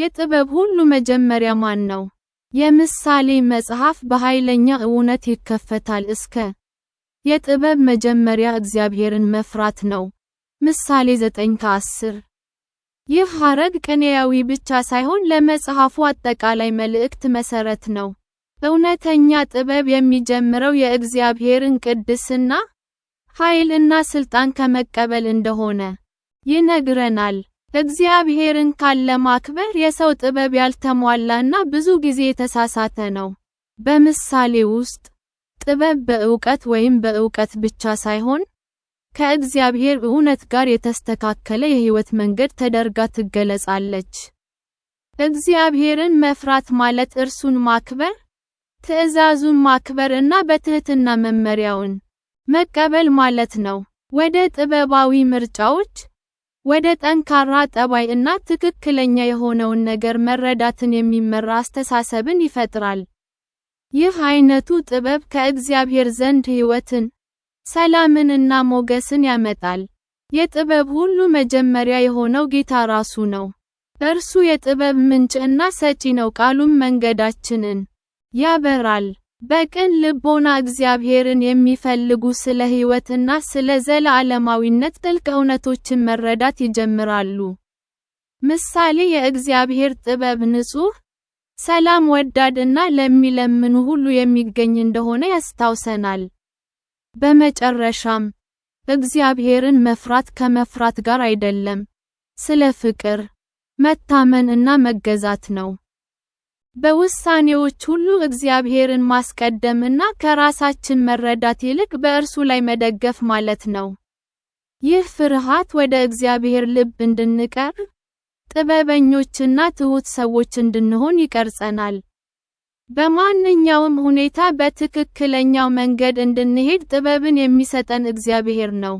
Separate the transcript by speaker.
Speaker 1: የጥበብ ሁሉ መጀመሪያ ማን ነው? የምሳሌ መጽሐፍ በኃይለኛ እውነት ይከፈታል እስከ የጥበብ መጀመሪያ እግዚአብሔርን መፍራት ነው። ምሳሌ 9 ከ10 ይህ ሐረግ ቅኔያዊ ብቻ ሳይሆን ለመጽሐፉ አጠቃላይ መልእክት መሠረት ነው። እውነተኛ ጥበብ የሚጀምረው የእግዚአብሔርን ቅድስና፣ ኃይልና ሥልጣን ከመቀበል እንደሆነ ይነግረናል። እግዚአብሔርን ካለ ማክበር የሰው ጥበብ ያልተሟላና ብዙ ጊዜ የተሳሳተ ነው። በምሳሌ ውስጥ ጥበብ በእውቀት ወይም በእውቀት ብቻ ሳይሆን ከእግዚአብሔር እውነት ጋር የተስተካከለ የሕይወት መንገድ ተደርጋ ትገለጻለች። እግዚአብሔርን መፍራት ማለት እርሱን ማክበር፣ ትእዛዙን ማክበር እና በትህትና መመሪያውን መቀበል ማለት ነው። ወደ ጥበባዊ ምርጫዎች ወደ ጠንካራ ጠባይ እና ትክክለኛ የሆነውን ነገር መረዳትን የሚመራ አስተሳሰብን ይፈጥራል። ይህ ዓይነቱ ጥበብ ከእግዚአብሔር ዘንድ ሕይወትን፣ ሰላምን እና ሞገስን ያመጣል። የጥበብ ሁሉ መጀመሪያ የሆነው ጌታ ራሱ ነው። እርሱ የጥበብ ምንጭ እና ሰጪ ነው፣ ቃሉም መንገዳችንን ያበራል። በቅን ልቦና እግዚአብሔርን የሚፈልጉ ስለ ሕይወትና ስለ ዘላለማዊነት ጥልቅ እውነቶችን መረዳት ይጀምራሉ። ምሳሌ የእግዚአብሔር ጥበብ ንጹሕ፣ ሰላም ወዳድ እና ለሚለምኑ ሁሉ የሚገኝ እንደሆነ ያስታውሰናል። በመጨረሻም፣ እግዚአብሔርን መፍራት ከመፍራት ጋር አይደለም፣ ስለ ፍቅር፣ መታመን እና መገዛት ነው። በውሳኔዎች ሁሉ እግዚአብሔርን ማስቀደምና ከራሳችን መረዳት ይልቅ በእርሱ ላይ መደገፍ ማለት ነው። ይህ ፍርሃት ወደ እግዚአብሔር ልብ እንድንቀርብ፣ ጥበበኞችና ትሑት ሰዎች እንድንሆን ይቀርጸናል። በማንኛውም ሁኔታ በትክክለኛው መንገድ እንድንሄድ ጥበብን የሚሰጠን እግዚአብሔር ነው።